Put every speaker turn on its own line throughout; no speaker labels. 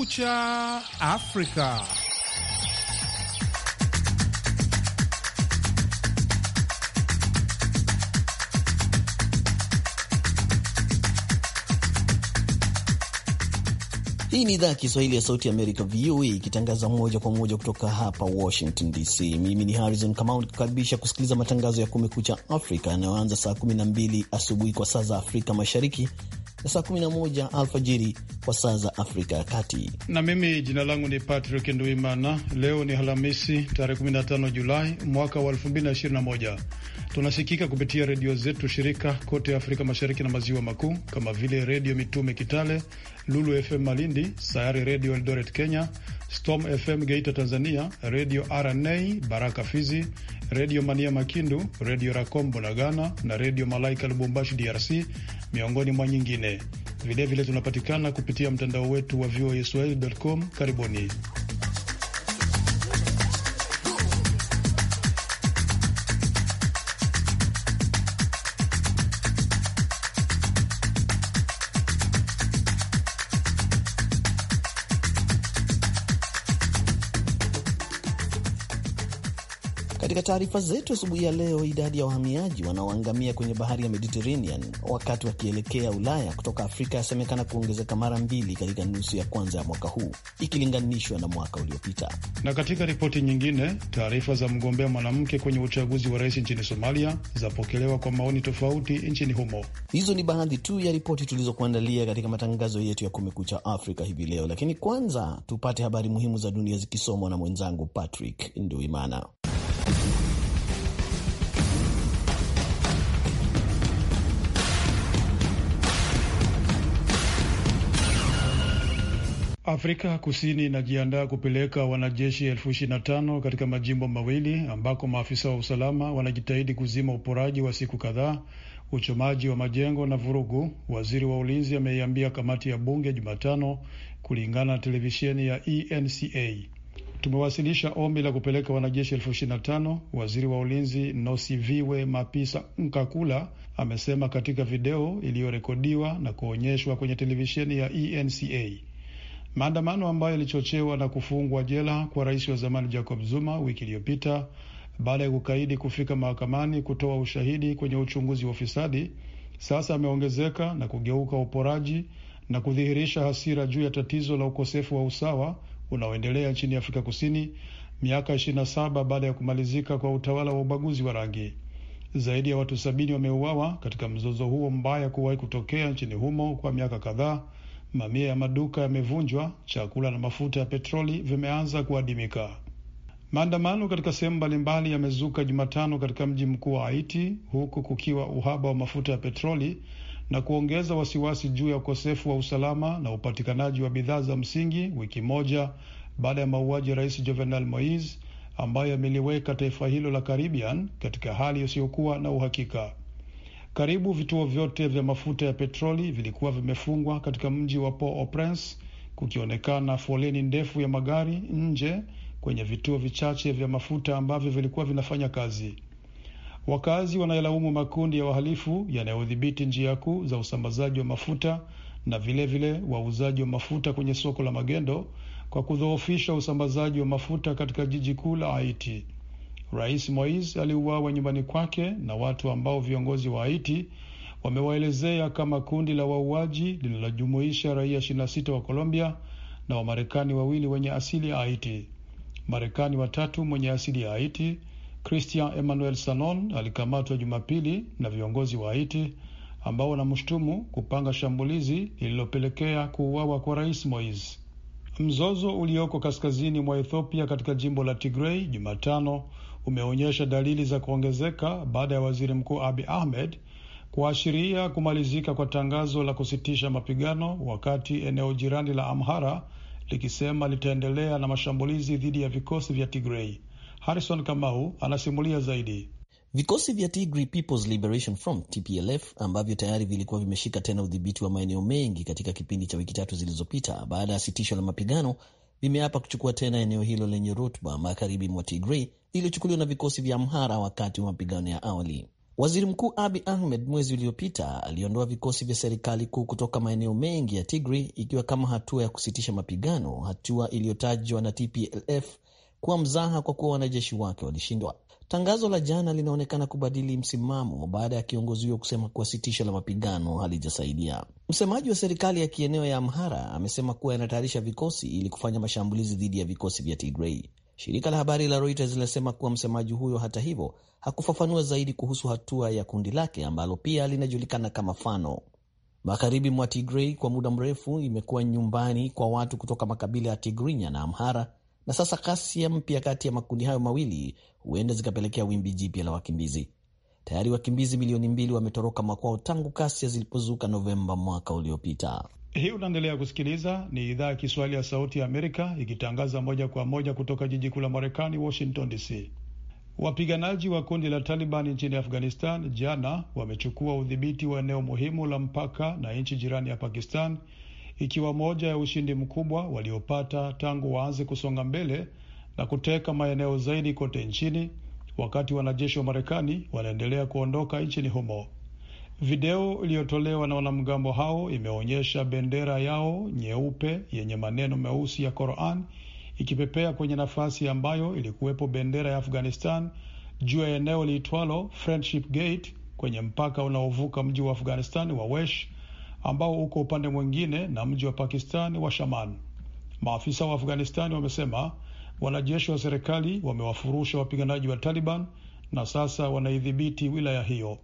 Kumekucha Afrika.
Hii ni idhaa ya Kiswahili ya Sauti ya Amerika, VOA, ikitangaza moja kwa moja kutoka hapa Washington DC. Mimi ni Harrison Kamau nikukaribisha kusikiliza matangazo ya Kumekucha Afrika yanayoanza saa 12 asubuhi kwa saa za Afrika Mashariki na saa 11 alfajiri kwa saa za Afrika ya Kati.
Na mimi jina langu ni Patrick Nduimana. Leo ni Alhamisi tarehe 15 Julai mwaka wa 2021. Tunasikika kupitia redio zetu shirika kote Afrika Mashariki na Maziwa Makuu kama vile Redio Mitume Kitale, Lulu FM Malindi, Sayari Redio Eldoret Kenya, Storm FM Geita Tanzania, Redio RNA Baraka Fizi, Redio Mania Makindu, Redio Racom Bunagana na Redio Malaika Lubumbashi DRC, miongoni mwa nyingine. Vilevile tunapatikana kupitia mtandao wetu wa voa swahili.com. Karibuni.
Katika taarifa zetu asubuhi ya leo, idadi ya wahamiaji wanaoangamia kwenye bahari ya Mediterranean wakati wakielekea Ulaya kutoka Afrika yasemekana kuongezeka mara mbili katika nusu ya kwanza ya mwaka huu ikilinganishwa na mwaka uliopita.
Na katika ripoti nyingine, taarifa za mgombea mwanamke kwenye uchaguzi wa rais nchini Somalia zapokelewa kwa maoni tofauti nchini humo. Hizo ni baadhi tu ya ripoti tulizokuandalia
katika matangazo yetu ya Kumekucha Afrika hivi leo, lakini kwanza tupate habari muhimu za dunia zikisomwa na mwenzangu Patrick Nduimana.
Afrika Kusini inajiandaa kupeleka wanajeshi elfu ishirini na tano katika majimbo mawili ambako maafisa wa usalama wanajitahidi kuzima uporaji wa siku kadhaa, uchomaji wa majengo na vurugu, waziri wa ulinzi ameiambia kamati ya bunge Jumatano, kulingana na televisheni ya ENCA. Tumewasilisha ombi la kupeleka wanajeshi elfu ishirini na tano, waziri wa ulinzi Nosiviwe Mapisa Nkakula amesema katika video iliyorekodiwa na kuonyeshwa kwenye televisheni ya ENCA. Maandamano ambayo yalichochewa na kufungwa jela kwa rais wa zamani Jacob Zuma wiki iliyopita baada ya kukaidi kufika mahakamani kutoa ushahidi kwenye uchunguzi wa ufisadi, sasa ameongezeka na kugeuka uporaji na kudhihirisha hasira juu ya tatizo la ukosefu wa usawa unaoendelea nchini Afrika Kusini miaka 27 baada ya kumalizika kwa utawala wa ubaguzi wa rangi. Zaidi ya watu sabini wameuawa katika mzozo huo mbaya kuwahi kutokea nchini humo kwa miaka kadhaa Mamia ya maduka yamevunjwa, chakula na mafuta ya petroli vimeanza kuadimika. Maandamano katika sehemu mbalimbali yamezuka Jumatano katika mji mkuu wa Haiti, huku kukiwa uhaba wa mafuta ya petroli na kuongeza wasiwasi juu ya ukosefu wa usalama na upatikanaji wa bidhaa za msingi, wiki moja baada ya mauaji ya Rais Jovenel Moise ambayo yameliweka taifa hilo la Caribbean katika hali isiyokuwa na uhakika. Karibu vituo vyote vya mafuta ya petroli vilikuwa vimefungwa katika mji wa Port-au-Prince, kukionekana foleni ndefu ya magari nje kwenye vituo vichache vya mafuta ambavyo vilikuwa vinafanya kazi. Wakazi wanayelaumu makundi ya wahalifu yanayodhibiti njia kuu za usambazaji wa mafuta na vilevile wauzaji wa mafuta kwenye soko la magendo kwa kudhoofisha usambazaji wa mafuta katika jiji kuu la Haiti. Rais Moise aliuawa nyumbani kwake na watu ambao viongozi wa Haiti wamewaelezea kama kundi la wauaji linalojumuisha raia 26 wa Colombia na Wamarekani wawili wenye asili ya Haiti. Marekani watatu mwenye asili ya Haiti, Christian Emmanuel Sanon, alikamatwa Jumapili na viongozi wa Haiti ambao wanamshutumu kupanga shambulizi lililopelekea kuuawa kwa Rais Moise. Mzozo ulioko kaskazini mwa Ethiopia katika jimbo la Tigrei Jumatano umeonyesha dalili za kuongezeka baada ya waziri mkuu Abi Ahmed kuashiria kumalizika kwa tangazo la kusitisha mapigano, wakati eneo jirani la Amhara likisema litaendelea na mashambulizi dhidi ya vikosi vya Tigrei. Harrison Kamau anasimulia zaidi. Vikosi vya
Tigray People's Liberation Front TPLF ambavyo tayari vilikuwa vimeshika tena udhibiti wa maeneo mengi katika kipindi cha wiki tatu zilizopita baada ya sitisho la mapigano vimeapa kuchukua tena eneo hilo lenye rutuba magharibi mwa Tigray iliyochukuliwa na vikosi vya Amhara wakati wa mapigano ya awali. Waziri Mkuu Abi Ahmed mwezi uliopita aliondoa vikosi vya serikali kuu kutoka maeneo mengi ya Tigri ikiwa kama hatua ya kusitisha mapigano, hatua iliyotajwa na TPLF kuwa mzaha kwa kuwa wanajeshi wake walishindwa. Tangazo la jana linaonekana kubadili msimamo baada ya kiongozi huyo kusema kuwa sitisho la mapigano halijasaidia. Msemaji wa serikali ya kieneo ya Amhara amesema kuwa yanatayarisha vikosi ili kufanya mashambulizi dhidi ya vikosi vya Tigrei. Shirika la habari la Reuters linasema kuwa msemaji huyo, hata hivyo, hakufafanua zaidi kuhusu hatua ya kundi lake ambalo pia linajulikana kama Fano. Magharibi mwa Tigrei kwa muda mrefu imekuwa nyumbani kwa watu kutoka makabila ya Tigrinya na Amhara, na sasa kasia mpya kati ya makundi hayo mawili huenda zikapelekea wimbi jipya la wakimbizi. Tayari wakimbizi milioni mbili wametoroka makwao tangu kasia zilipozuka Novemba mwaka uliopita.
Hii unaendelea kusikiliza ni idhaa ya Kiswahili ya Sauti ya Amerika ikitangaza moja kwa moja kutoka jiji kuu la Marekani, Washington DC. Wapiganaji wa kundi la Taliban nchini Afghanistan jana wamechukua udhibiti wa eneo muhimu la mpaka na nchi jirani ya Pakistan, ikiwa moja ya ushindi mkubwa waliopata tangu waanze kusonga mbele na kuteka maeneo zaidi kote nchini, wakati wanajeshi wa Marekani wanaendelea kuondoka nchini humo. Video iliyotolewa na wanamgambo hao imeonyesha bendera yao nyeupe yenye maneno meusi ya Qur'an ikipepea kwenye nafasi ambayo ilikuwepo bendera ya Afghanistan juu ya eneo liitwalo Friendship Gate kwenye mpaka unaovuka mji wa Afghanistan wa Wesh ambao uko upande mwingine na mji wa Pakistani wa Shaman. Maafisa wa Afghanistani wamesema wanajeshi wa serikali wamewafurusha wapiganaji wa Taliban na sasa wanaidhibiti wilaya hiyo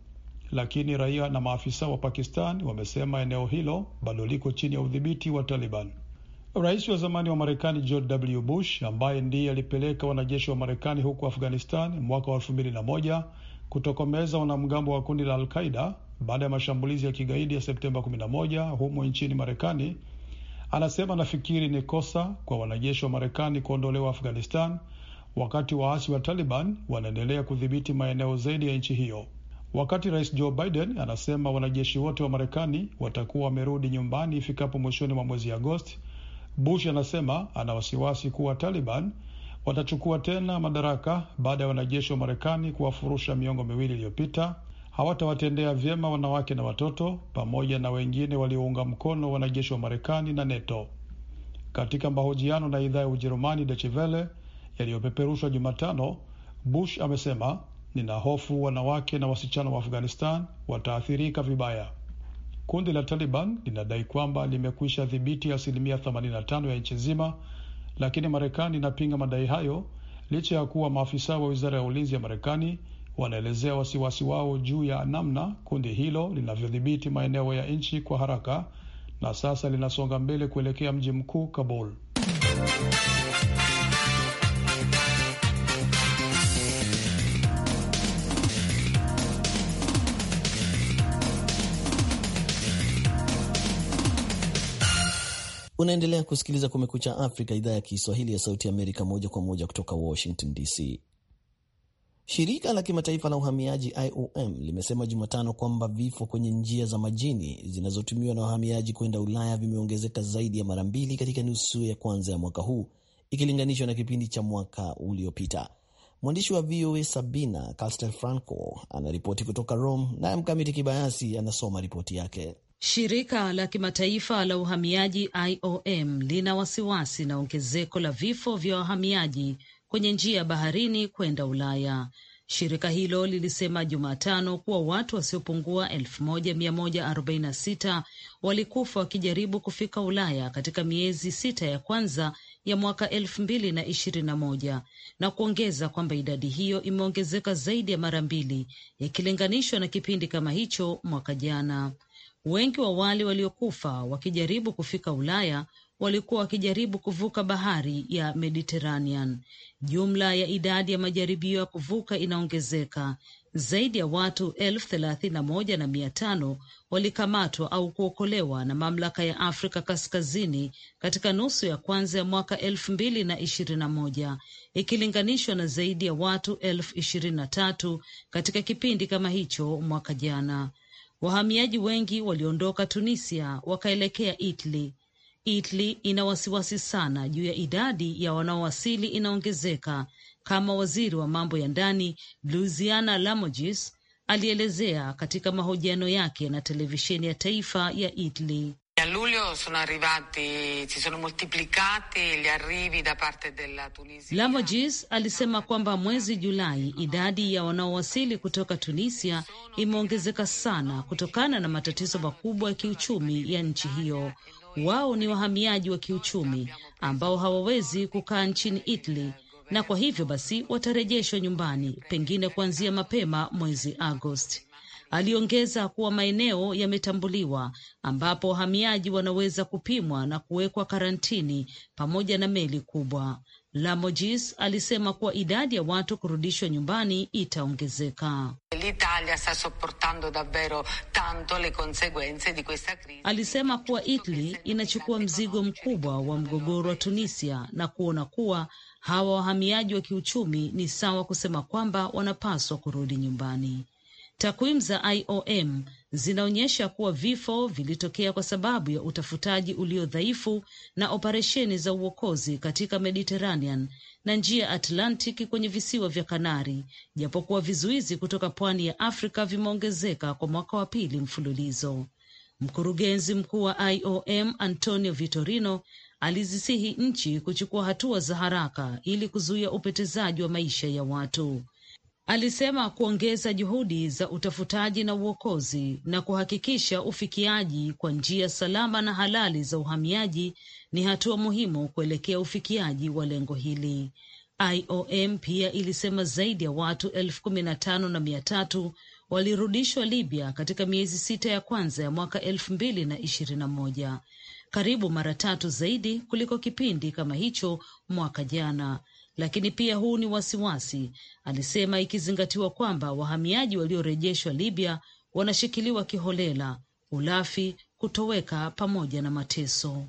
lakini raia na maafisa wa Pakistan wamesema eneo hilo bado liko chini ya udhibiti wa Taliban. Rais wa zamani wa Marekani George W. Bush ambaye ndiye alipeleka wanajeshi wa Marekani huko Afghanistan mwaka wa elfu mbili na moja kutokomeza wanamgambo wa kundi la Alqaida baada ya mashambulizi ya kigaidi ya Septemba 11 humo nchini Marekani, anasema nafikiri ni kosa kwa wanajeshi wa Marekani kuondolewa Afghanistan wakati waasi wa Taliban wanaendelea kudhibiti maeneo zaidi ya nchi hiyo wakati Rais Joe Biden anasema wanajeshi wote wa Marekani watakuwa wamerudi nyumbani ifikapo mwishoni mwa mwezi Agosti. Bush anasema ana wasiwasi kuwa Taliban watachukua tena madaraka baada ya wanajeshi wa Marekani kuwafurusha miongo miwili iliyopita. Hawatawatendea vyema wanawake na watoto, pamoja na wengine waliounga mkono wanajeshi wa Marekani na NATO. Katika mahojiano na idhaa ya Ujerumani Deutsche Welle yaliyopeperushwa Jumatano, Bush amesema ninahofu wanawake na wasichana wa Afghanistan wataathirika vibaya. Kundi la Taliban linadai kwamba limekwisha dhibiti asilimia 85 ya nchi nzima, lakini Marekani inapinga madai hayo licha ya kuwa maafisa wa wizara ya ulinzi ya Marekani wanaelezea wasiwasi wao juu ya namna kundi hilo linavyodhibiti maeneo ya nchi kwa haraka na sasa linasonga mbele kuelekea mji mkuu Kabul.
Unaendelea kusikiliza Kumekucha Afrika, idhaa ya Kiswahili ya Sauti Amerika, moja kwa moja kutoka Washington DC. Shirika la kimataifa la uhamiaji IOM limesema Jumatano kwamba vifo kwenye njia za majini zinazotumiwa na wahamiaji kwenda Ulaya vimeongezeka zaidi ya mara mbili katika nusu ya kwanza ya mwaka huu ikilinganishwa na kipindi cha mwaka uliopita. Mwandishi wa VOA Sabina Castel Franco anaripoti kutoka Rome, naye Mkamiti Kibayasi anasoma ripoti yake.
Shirika la kimataifa la uhamiaji IOM lina wasiwasi na ongezeko la vifo vya wahamiaji kwenye njia ya baharini kwenda Ulaya. Shirika hilo lilisema Jumatano kuwa watu wasiopungua 1146 walikufa wakijaribu kufika Ulaya katika miezi sita ya kwanza ya mwaka 2021 na kuongeza kwamba idadi hiyo imeongezeka zaidi ya mara mbili ikilinganishwa na kipindi kama hicho mwaka jana. Wengi wa wale waliokufa wakijaribu kufika Ulaya walikuwa wakijaribu kuvuka bahari ya Mediteranean. Jumla ya idadi ya majaribio ya kuvuka inaongezeka. Zaidi ya watu elfu thelathini na moja na mia tano walikamatwa au kuokolewa na mamlaka ya Afrika Kaskazini katika nusu ya kwanza ya mwaka elfu mbili na ishirini na moja ikilinganishwa na zaidi ya watu elfu ishirini na tatu katika kipindi kama hicho mwaka jana. Wahamiaji wengi waliondoka Tunisia wakaelekea Italy. Italy ina wasiwasi sana juu ya idadi ya wanaowasili inaongezeka, kama waziri wa mambo ya ndani Luciana Lamojis alielezea katika mahojiano yake na televisheni ya taifa ya Italy
luglio sono arrivati, si sono moltiplicati gli arrivi da parte della Tunisia.
Lamojis alisema kwamba mwezi Julai idadi ya wanaowasili kutoka Tunisia imeongezeka sana kutokana na matatizo makubwa ya kiuchumi ya nchi hiyo. Wao ni wahamiaji wa kiuchumi ambao hawawezi kukaa nchini Italy na kwa hivyo basi watarejeshwa nyumbani pengine kuanzia mapema mwezi Agosti. Aliongeza kuwa maeneo yametambuliwa ambapo wahamiaji wanaweza kupimwa na kuwekwa karantini pamoja na meli kubwa. Lamojis alisema kuwa idadi ya watu kurudishwa nyumbani itaongezeka. Alisema kuwa Italy inachukua mzigo mkubwa wa mgogoro wa Tunisia na kuona kuwa hawa wahamiaji wa kiuchumi ni sawa kusema kwamba wanapaswa kurudi nyumbani. Takwimu za IOM zinaonyesha kuwa vifo vilitokea kwa sababu ya utafutaji ulio dhaifu na operesheni za uokozi katika Mediterranean na njia Atlantic kwenye visiwa vya Kanari, japokuwa vizuizi kutoka pwani ya Afrika vimeongezeka kwa mwaka wa pili mfululizo. Mkurugenzi mkuu wa IOM Antonio Vitorino alizisihi nchi kuchukua hatua za haraka ili kuzuia upetezaji wa maisha ya watu alisema kuongeza juhudi za utafutaji na uokozi na kuhakikisha ufikiaji kwa njia salama na halali za uhamiaji ni hatua muhimu kuelekea ufikiaji wa lengo hili. IOM pia ilisema zaidi ya watu elfu kumi na tano na mia tatu walirudishwa Libya katika miezi sita ya kwanza ya mwaka elfu mbili na ishirini na moja, karibu mara tatu zaidi kuliko kipindi kama hicho mwaka jana lakini pia huu ni wasiwasi, alisema, ikizingatiwa kwamba wahamiaji waliorejeshwa Libya wanashikiliwa kiholela, ulafi, kutoweka pamoja na mateso.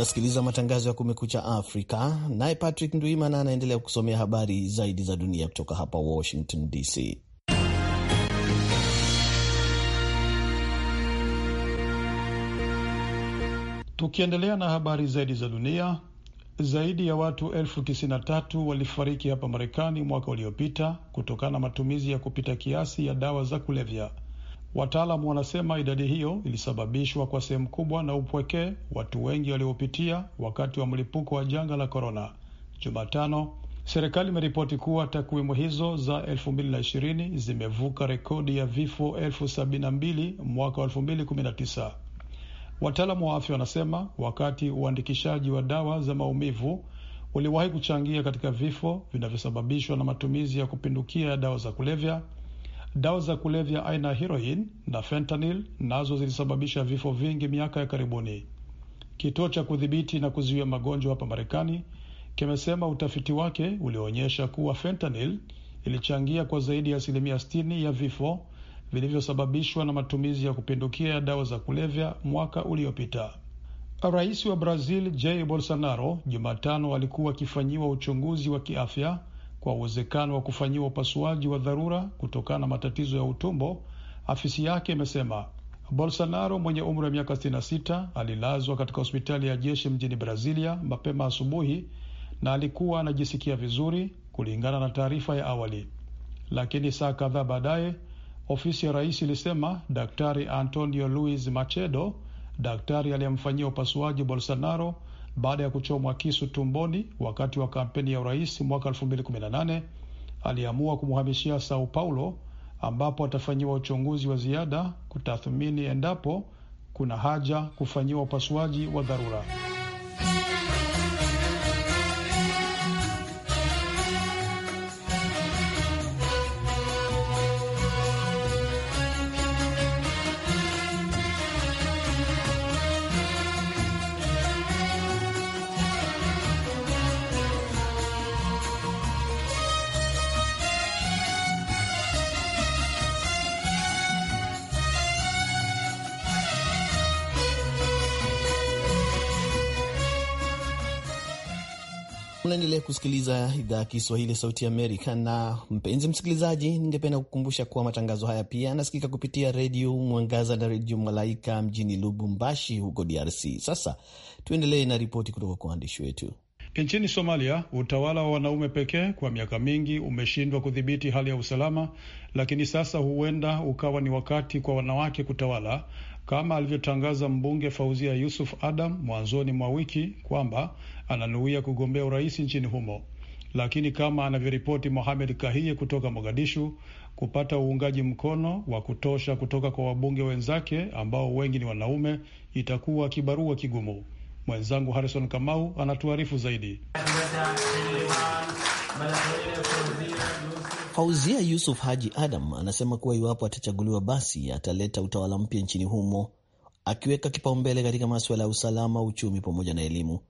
Unasikiliza matangazo ya Kumekucha Afrika, naye Patrick Ndwimana anaendelea kusomea habari zaidi za dunia kutoka hapa Washington DC.
Tukiendelea na habari zaidi za dunia, zaidi ya watu elfu tisini na tatu walifariki hapa Marekani mwaka uliopita kutokana na matumizi ya kupita kiasi ya dawa za kulevya. Wataalamu wanasema idadi hiyo ilisababishwa kwa sehemu kubwa na upwekee watu wengi waliopitia wakati wa mlipuko wa janga la korona. Jumatano, serikali imeripoti kuwa takwimu hizo za 2020 zimevuka rekodi ya vifo elfu mwaka 2019. Wataalamu wa afya wanasema wakati uandikishaji wa dawa za maumivu uliwahi kuchangia katika vifo vinavyosababishwa na matumizi ya kupindukia ya dawa za kulevya Dawa za kulevya aina ya heroin na fentanil nazo zilisababisha vifo vingi miaka ya karibuni. Kituo cha kudhibiti na kuzuia magonjwa hapa Marekani kimesema utafiti wake ulioonyesha kuwa fentanil ilichangia kwa zaidi ya asilimia 60 ya vifo vilivyosababishwa na matumizi ya kupindukia ya dawa za kulevya mwaka uliopita. Rais wa Brazil Jair Bolsonaro Jumatano alikuwa akifanyiwa uchunguzi wa kiafya kwa uwezekano wa kufanyiwa upasuaji wa dharura kutokana na matatizo ya utumbo, afisi yake imesema. Bolsonaro mwenye umri wa miaka 66 alilazwa katika hospitali ya jeshi mjini Brazilia mapema asubuhi na alikuwa anajisikia vizuri kulingana na taarifa ya awali, lakini saa kadhaa baadaye ofisi ya rais ilisema Daktari Antonio Luis machedo daktari aliyemfanyia upasuaji Bolsonaro, baada ya kuchomwa kisu tumboni wakati wa kampeni ya urais mwaka 2018 aliamua kumhamishia Sao Paulo ambapo atafanyiwa uchunguzi wa ziada kutathmini endapo kuna haja kufanyiwa upasuaji wa dharura.
Unaendelea kusikiliza idhaa ya Kiswahili ya Sauti Amerika. Na mpenzi msikilizaji, ningependa kukumbusha kuwa matangazo haya pia yanasikika kupitia redio Mwangaza na redio Malaika mjini Lubumbashi huko DRC. Sasa tuendelee na ripoti kutoka kwa waandishi wetu.
Nchini Somalia, utawala wa wanaume pekee kwa miaka mingi umeshindwa kudhibiti hali ya usalama, lakini sasa huenda ukawa ni wakati kwa wanawake kutawala, kama alivyotangaza mbunge Fauzia Yusuf Adam mwanzoni mwa wiki kwamba ananuia kugombea urais nchini humo, lakini kama anavyoripoti Mohamed Kahiye kutoka Mogadishu, kupata uungaji mkono wa kutosha kutoka kwa wabunge wenzake ambao wengi ni wanaume itakuwa kibarua kigumu. Mwenzangu Harrison Kamau anatuarifu zaidi.
Fauzia Yusuf Haji Adam anasema kuwa iwapo atachaguliwa, basi ataleta utawala mpya nchini humo, akiweka kipaumbele katika masuala ya usalama, uchumi pamoja na elimu.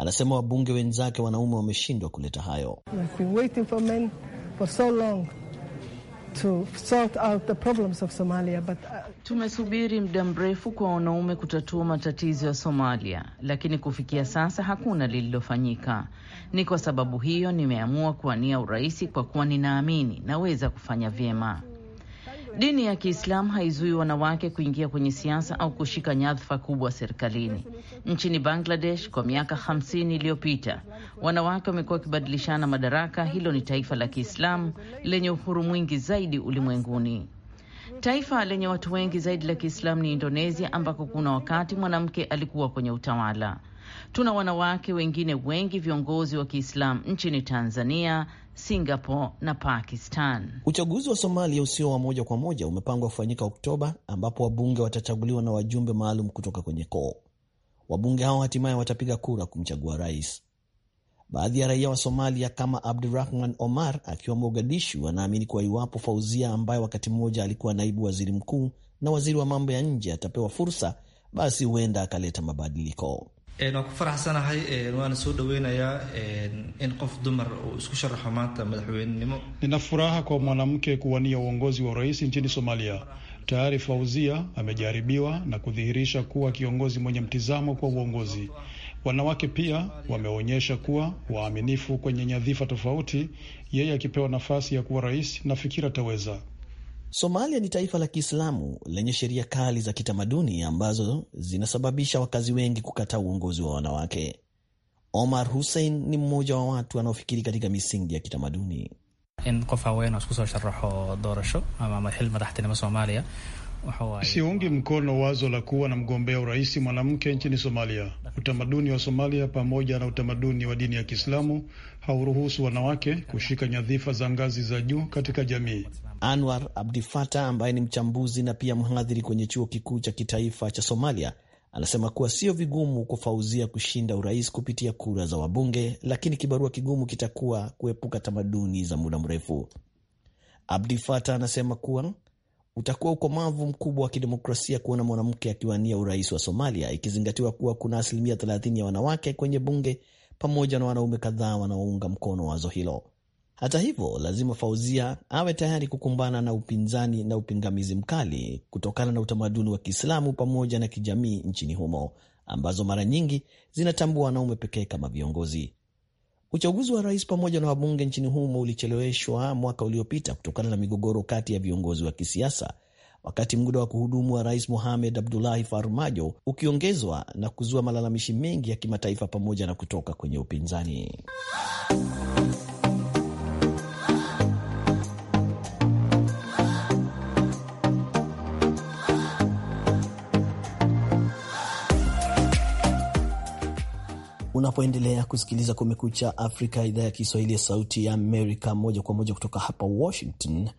Anasema wabunge wenzake wanaume wameshindwa kuleta hayo.
Uh,
tumesubiri muda mrefu kwa wanaume kutatua matatizo ya Somalia, lakini kufikia sasa hakuna lililofanyika. Ni kwa sababu hiyo nimeamua kuwania urais kwa kuwa ninaamini naweza kufanya vyema. Dini ya Kiislamu haizui wanawake kuingia kwenye siasa au kushika nyadhifa kubwa serikalini. Nchini Bangladesh, kwa miaka 50 iliyopita, wanawake wamekuwa wakibadilishana madaraka. Hilo ni taifa la Kiislamu lenye uhuru mwingi zaidi ulimwenguni. Taifa lenye watu wengi zaidi la Kiislamu ni Indonesia, ambako kuna wakati mwanamke alikuwa kwenye utawala. Tuna wanawake wengine wengi viongozi wa Kiislamu nchini Tanzania, Singapore na Pakistan.
Uchaguzi wa Somalia usio wa moja kwa moja umepangwa kufanyika Oktoba, ambapo wabunge watachaguliwa na wajumbe maalum kutoka kwenye koo. Wabunge hao hatimaye watapiga kura kumchagua rais. Baadhi ya raia wa Somalia kama Abdurahman Omar akiwa Mogadishu anaamini kuwa iwapo Fauzia ambaye wakati mmoja alikuwa naibu waziri mkuu na waziri wa mambo ya nje atapewa fursa, basi huenda akaleta mabadiliko
waa ee, ku faraxsanahay waana ee, soo dhaweynayaa ee, in qof dumar uu isku sharaxo maanta madaxweynenimo.
Nina furaha kwa mwanamke kuwania uongozi wa urais nchini Somalia. Tayari Fauzia amejaribiwa na kudhihirisha kuwa kiongozi mwenye mtizamo kwa uongozi. Wanawake pia wameonyesha kuwa waaminifu kwenye nyadhifa tofauti. Yeye akipewa nafasi ya kuwa rais, na fikira ataweza. Somalia ni taifa la Kiislamu lenye sheria
kali za kitamaduni ambazo zinasababisha wakazi wengi kukataa uongozi wa wanawake. Omar Hussein ni mmoja wa watu wanaofikiri katika misingi ya kitamaduni. in qof haween isku soo sharaxo doorasho ama madaxtinimo Soomaaliya
Siungi mkono wazo la kuwa na mgombea urais mwanamke nchini Somalia. Utamaduni wa Somalia pamoja na utamaduni wa dini ya Kiislamu hauruhusu wanawake kushika nyadhifa za ngazi za juu katika jamii. Anwar Abdifata ambaye ni mchambuzi na pia mhadhiri kwenye
chuo kikuu cha kitaifa cha Somalia anasema kuwa sio vigumu kufauzia kushinda urais kupitia kura za wabunge, lakini kibarua kigumu kitakuwa kuepuka tamaduni za muda mrefu. Abdifata anasema kuwa Utakuwa ukomavu mkubwa wa kidemokrasia kuona mwanamke akiwania urais wa Somalia, ikizingatiwa kuwa kuna asilimia 30 ya wanawake kwenye bunge pamoja na wanaume kadhaa wanaounga mkono wazo hilo. Hata hivyo, lazima Fauzia awe tayari kukumbana na upinzani na upingamizi mkali kutokana na utamaduni wa Kiislamu pamoja na kijamii nchini humo ambazo mara nyingi zinatambua wanaume pekee kama viongozi. Uchaguzi wa rais pamoja na wabunge nchini humo ulicheleweshwa mwaka uliopita kutokana na migogoro kati ya viongozi wa kisiasa, wakati muda wa kuhudumu wa rais Mohamed Abdullahi Farmajo ukiongezwa na kuzua malalamishi mengi ya kimataifa pamoja na kutoka kwenye upinzani. unapoendelea kusikiliza Kumekucha Afrika, idhaa ya Kiswahili ya Sauti ya Amerika, moja kwa moja kutoka hapa Washington.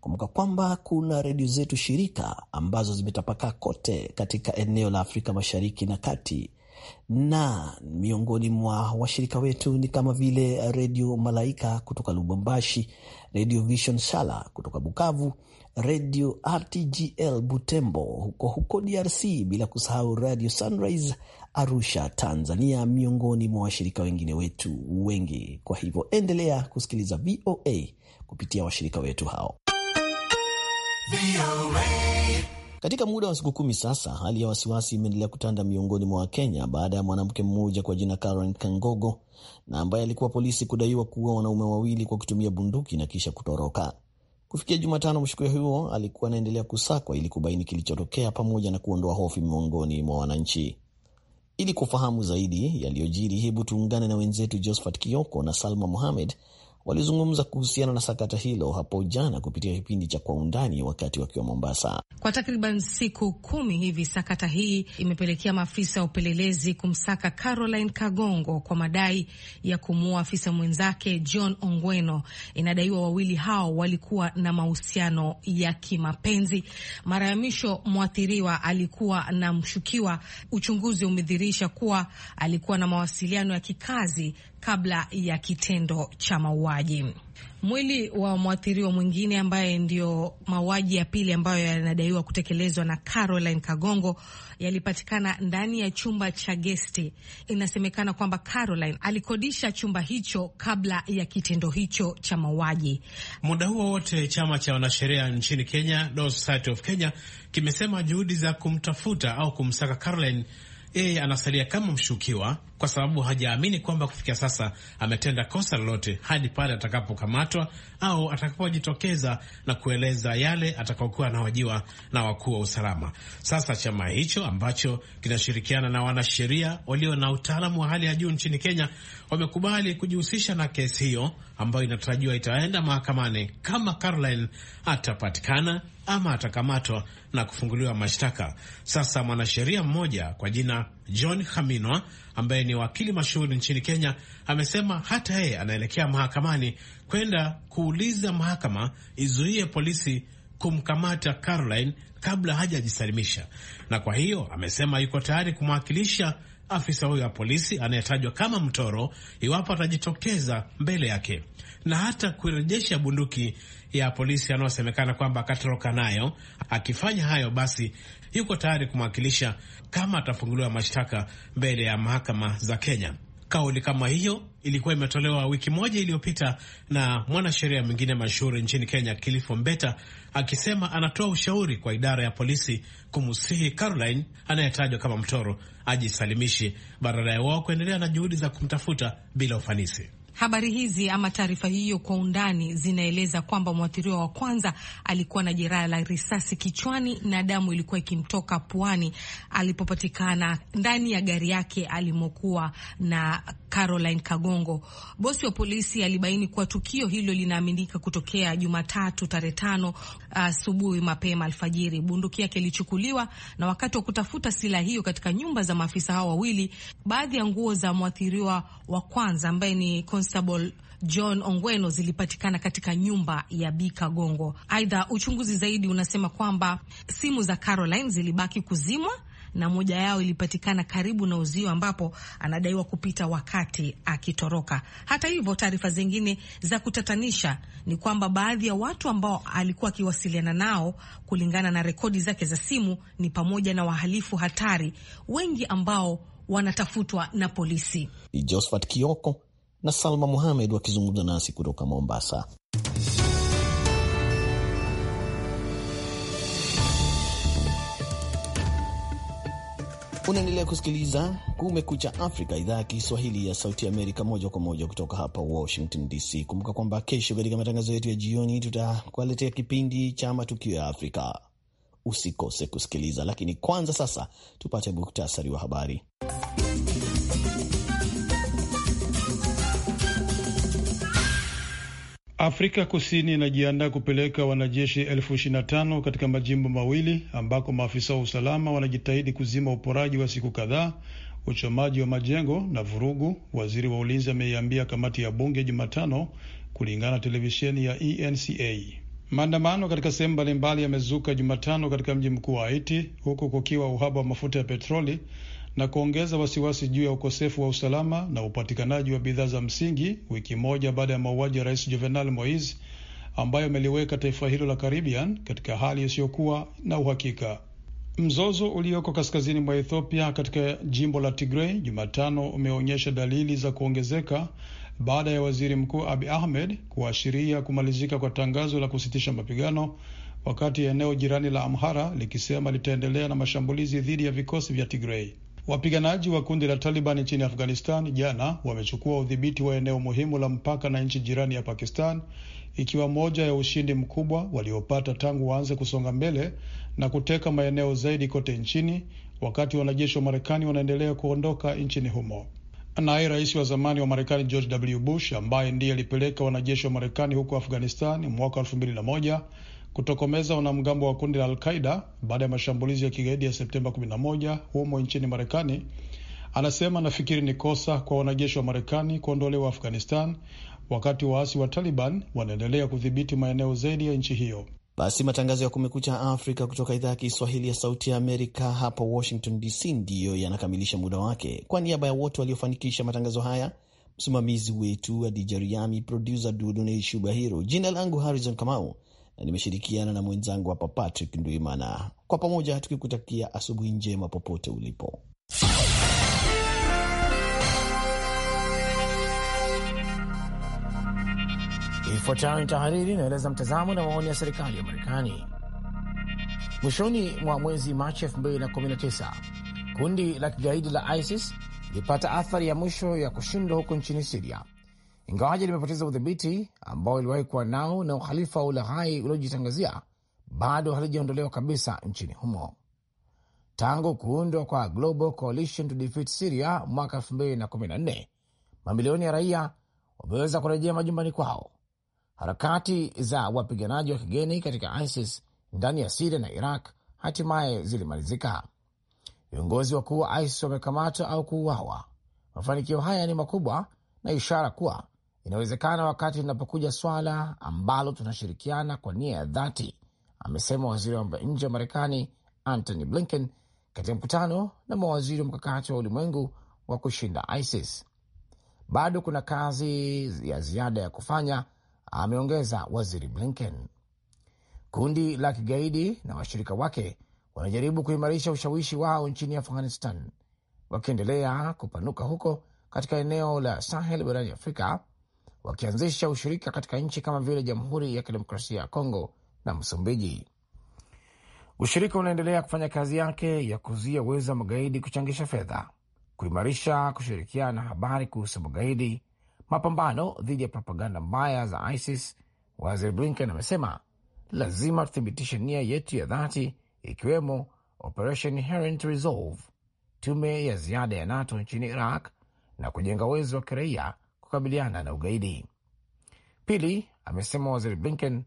Kumbuka kwamba kuna redio zetu shirika ambazo zimetapakaa kote katika eneo la Afrika Mashariki na Kati, na miongoni mwa washirika wetu ni kama vile Redio Malaika kutoka Lubumbashi, Redio Vision Shala kutoka Bukavu, Redio RTGL Butembo huko huko DRC, bila kusahau Radio Sunrise Arusha, Tanzania, miongoni mwa washirika wengine wetu wengi. Kwa hivyo endelea kusikiliza VOA kupitia washirika wetu hao. VOA. Katika muda wa siku kumi sasa, hali ya wasiwasi imeendelea kutanda miongoni mwa Wakenya baada ya mwanamke mmoja kwa jina Karen Kangogo na ambaye alikuwa polisi kudaiwa kuua wanaume wawili kwa kutumia bunduki na kisha kutoroka. Kufikia Jumatano, mshukiwa huo alikuwa anaendelea kusakwa ili kubaini kilichotokea pamoja na kuondoa hofu miongoni mwa wananchi. Ili kufahamu zaidi yaliyojiri, hebu tuungane na wenzetu Josephat Kioko na Salma Mohamed walizungumza kuhusiana na sakata hilo hapo jana kupitia kipindi cha Kwa Undani wakati wakiwa Mombasa.
Kwa takriban siku kumi hivi, sakata hii imepelekea maafisa wa upelelezi kumsaka Caroline Kagongo kwa madai ya kumuua afisa mwenzake John Ongweno. Inadaiwa wawili hao walikuwa na mahusiano ya kimapenzi. Mara ya mwisho mwathiriwa alikuwa na mshukiwa, uchunguzi umedhihirisha kuwa alikuwa na mawasiliano ya kikazi kabla ya kitendo cha mauaji. Mwili wa mwathiriwa mwingine ambaye ndiyo mauaji ya pili ambayo yanadaiwa kutekelezwa na Caroline Kagongo yalipatikana ndani ya chumba cha gesti. Inasemekana kwamba Caroline alikodisha chumba hicho kabla ya kitendo hicho cha mauaji.
Muda huo wote, chama cha wanasheria nchini Kenya, Law Society of Kenya, kimesema juhudi za kumtafuta au kumsaka Caroline yeye anasalia kama mshukiwa kwa sababu hajaamini kwamba kufikia sasa ametenda kosa lolote hadi pale atakapokamatwa au atakapojitokeza na kueleza yale atakaokuwa anahojiwa na wakuu wa usalama. Sasa chama hicho ambacho kinashirikiana na wanasheria walio na utaalamu wa hali ya juu nchini Kenya wamekubali kujihusisha na kesi hiyo ambayo inatarajiwa itaenda mahakamani kama Caroline atapatikana ama atakamatwa na kufunguliwa mashtaka. Sasa mwanasheria mmoja kwa jina John haminwa ambaye ni wakili mashuhuri nchini Kenya amesema hata yeye anaelekea mahakamani kwenda kuuliza mahakama izuie polisi kumkamata Caroline kabla hajajisalimisha, na kwa hiyo amesema yuko tayari kumwakilisha afisa huyo wa polisi anayetajwa kama mtoro iwapo atajitokeza mbele yake na hata kurejesha bunduki ya polisi anayosemekana kwamba akatoroka nayo. Akifanya hayo, basi yuko tayari kumwakilisha kama atafunguliwa mashtaka mbele ya mahakama za Kenya. Kauli kama hiyo ilikuwa imetolewa wiki moja iliyopita na mwanasheria mwingine mashuhuri nchini Kenya, Kilifo Mbeta, akisema anatoa ushauri kwa idara ya polisi kumsihi Caroline anayetajwa kama mtoro ajisalimishe badala ya wao kuendelea na juhudi za kumtafuta bila ufanisi.
Habari hizi ama taarifa hiyo kwa undani zinaeleza kwamba mwathiriwa wa kwanza alikuwa na jeraha la risasi kichwani na damu ilikuwa ikimtoka puani alipopatikana ndani ya gari yake alimokuwa na Caroline Kagongo. Bosi wa polisi alibaini kuwa tukio hilo linaaminika kutokea Jumatatu tarehe tano uh, asubuhi uh, mapema alfajiri. Bunduki yake ilichukuliwa, na wakati wa kutafuta silaha hiyo katika nyumba za maafisa hao wawili, baadhi ya nguo za mwathiriwa wa kwanza ambaye ni Constable John Ongweno zilipatikana katika nyumba ya Bi Kagongo. Aidha, uchunguzi zaidi unasema kwamba simu za Caroline zilibaki kuzimwa na moja yao ilipatikana karibu na uzio ambapo anadaiwa kupita wakati akitoroka. Hata hivyo, taarifa zingine za kutatanisha ni kwamba baadhi ya watu ambao alikuwa akiwasiliana nao, kulingana na rekodi zake za simu, ni pamoja na wahalifu hatari wengi ambao wanatafutwa na polisi.
Josephat Kioko na Salma Muhamed wakizungumza nasi kutoka Mombasa. Unaendelea kusikiliza Kumekucha Afrika, idhaa ya Kiswahili ya Sauti Amerika, moja kwa moja kutoka hapa Washington DC. Kumbuka kwamba kesho katika matangazo yetu ya jioni tutakualetea kipindi cha matukio ya Afrika. Usikose kusikiliza, lakini kwanza sasa tupate muktasari wa habari.
Afrika Kusini inajiandaa kupeleka wanajeshi elfu ishirini na tano katika majimbo mawili ambako maafisa wa usalama wanajitahidi kuzima uporaji wa siku kadhaa, uchomaji wa majengo na vurugu, waziri wa ulinzi ameiambia kamati ya bunge Jumatano, kulingana na televisheni ya ENCA. Maandamano katika sehemu mbalimbali yamezuka Jumatano katika mji mkuu wa Haiti, huku kukiwa uhaba wa mafuta ya petroli na kuongeza wasiwasi juu ya ukosefu wa usalama na upatikanaji wa bidhaa za msingi wiki moja baada ya mauaji ya Rais Juvenal Moise ambayo ameliweka taifa hilo la Caribbean katika hali isiyokuwa na uhakika. Mzozo ulioko kaskazini mwa Ethiopia katika jimbo la Tigray Jumatano umeonyesha dalili za kuongezeka baada ya waziri mkuu Abi Ahmed kuashiria kumalizika kwa tangazo la kusitisha mapigano, wakati eneo jirani la Amhara likisema litaendelea na mashambulizi dhidi ya vikosi vya Tigray. Wapiganaji wa kundi la Taliban nchini Afghanistan jana wamechukua udhibiti wa eneo muhimu la mpaka na nchi jirani ya Pakistan, ikiwa moja ya ushindi mkubwa waliopata tangu waanze kusonga mbele na kuteka maeneo zaidi kote nchini, wakati wanajeshi wa Marekani wanaendelea kuondoka nchini humo. Naye rais wa zamani wa Marekani George W. Bush ambaye ndiye alipeleka wanajeshi wa Marekani huko Afghanistani mwaka elfu mbili na moja kutokomeza wanamgambo wa kundi la Alqaida baada ya mashambulizi ya kigaidi ya Septemba 11 humo nchini Marekani. Anasema nafikiri ni kosa kwa wanajeshi wa Marekani kuondolewa Afghanistan wakati waasi wa Taliban wanaendelea kudhibiti maeneo zaidi ya nchi hiyo. Basi matangazo ya Kumekucha Afrika kutoka idhaa ya Kiswahili ya Sauti ya
Amerika hapa Washington DC ndiyo yanakamilisha muda wake. Kwa niaba ya wote waliofanikisha matangazo haya, msimamizi wetu Adijariami, produsa Dudu Nei Shubahiro, jina langu Harrison Kamau na nimeshirikiana na mwenzangu hapa Patrick Ndwimana, kwa pamoja tukikutakia asubuhi njema popote ulipo.
Ifuatayo ni tahariri inaeleza mtazamo na maoni ya serikali ya Marekani. Mwishoni mwa mwezi Machi 2019 kundi la kigaidi la ISIS lilipata athari ya mwisho ya kushindwa huko nchini Siria ingawaje limepoteza udhibiti ambao iliwahi kuwa nao na uhalifa wa ulaghai uliojitangazia bado halijaondolewa kabisa nchini humo. Tangu kuundwa kwa Global Coalition to Defeat Syria mwaka 2014 mamilioni ya raia wameweza kurejea majumbani kwao. Harakati za wapiganaji wa kigeni katika ISIS ndani ya Siria na Iraq hatimaye zilimalizika. Viongozi wakuu wa ISIS wamekamatwa au kuuawa. Mafanikio haya ni makubwa na ishara kuwa Inawezekana wakati linapokuja swala ambalo tunashirikiana kwa nia ya dhati, amesema waziri wa mambo ya nje wa Marekani Antony Blinken katika mkutano na mawaziri wa mkakati wa ulimwengu wa kushinda ISIS. Bado kuna kazi ya ziada ya kufanya, ameongeza waziri Blinken. Kundi la kigaidi na washirika wake wanajaribu kuimarisha ushawishi wao nchini Afghanistan, wakiendelea kupanuka huko katika eneo la Sahel barani Afrika wakianzisha ushirika katika nchi kama vile Jamhuri ya Kidemokrasia ya Kongo na Msumbiji. Ushirika unaendelea kufanya kazi yake ya kuzuia uwezo wa magaidi kuchangisha fedha, kuimarisha kushirikiana na habari kuhusu magaidi, mapambano dhidi ya propaganda mbaya za ISIS. Waziri Blinken amesema lazima tuthibitishe nia yetu ya dhati, ikiwemo Operation Inherent Resolve, tume ya ziada ya NATO nchini Iraq na kujenga uwezo wa kiraia kukabiliana na ugaidi. Pili, amesema Waziri Blinken,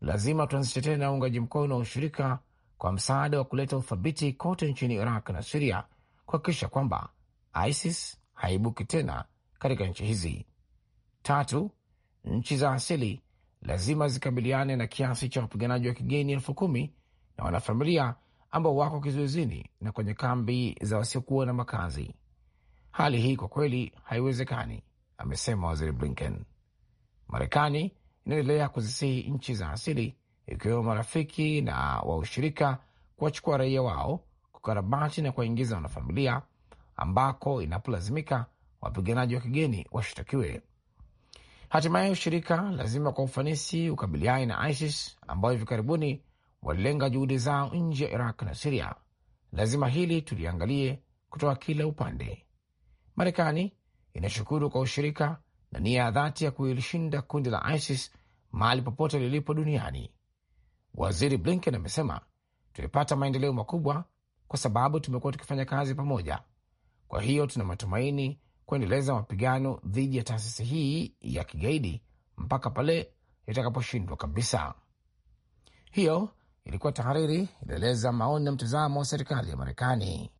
lazima tuanzishe tena uungaji mkono wa ushirika kwa msaada wa kuleta uthabiti kote nchini Iraq na Siria, kuhakikisha kwamba ISIS haibuki tena katika nchi hizi. Tatu, nchi za asili lazima zikabiliane na kiasi cha wapiganaji wa kigeni elfu kumi na wanafamilia ambao wako kizuizini na kwenye kambi za wasiokuwa na makazi. Hali hii kwa kweli haiwezekani, amesema waziri Blinken. Marekani inaendelea kuzisihi nchi za asili ikiwemo marafiki na wa ushirika kuwachukua raia wao, kukarabati na kuwaingiza wanafamilia, ambako inapolazimika wapiganaji wa kigeni washtakiwe. Hatimaye ushirika lazima kwa ufanisi ukabiliane na ISIS ambao hivi karibuni walilenga juhudi zao nje ya Iraq na Siria. Lazima hili tuliangalie kutoka kila upande. Marekani inashukuru kwa ushirika na nia ya dhati ya kuilishinda kundi la ISIS mahali popote lilipo duniani. Waziri Blinken amesema tumepata maendeleo makubwa kwa sababu tumekuwa tukifanya kazi pamoja, kwa hiyo tuna matumaini kuendeleza mapigano dhidi ya taasisi hii ya kigaidi mpaka pale itakaposhindwa kabisa. Hiyo ilikuwa tahariri, ilieleza maoni na mtazamo wa serikali ya Marekani.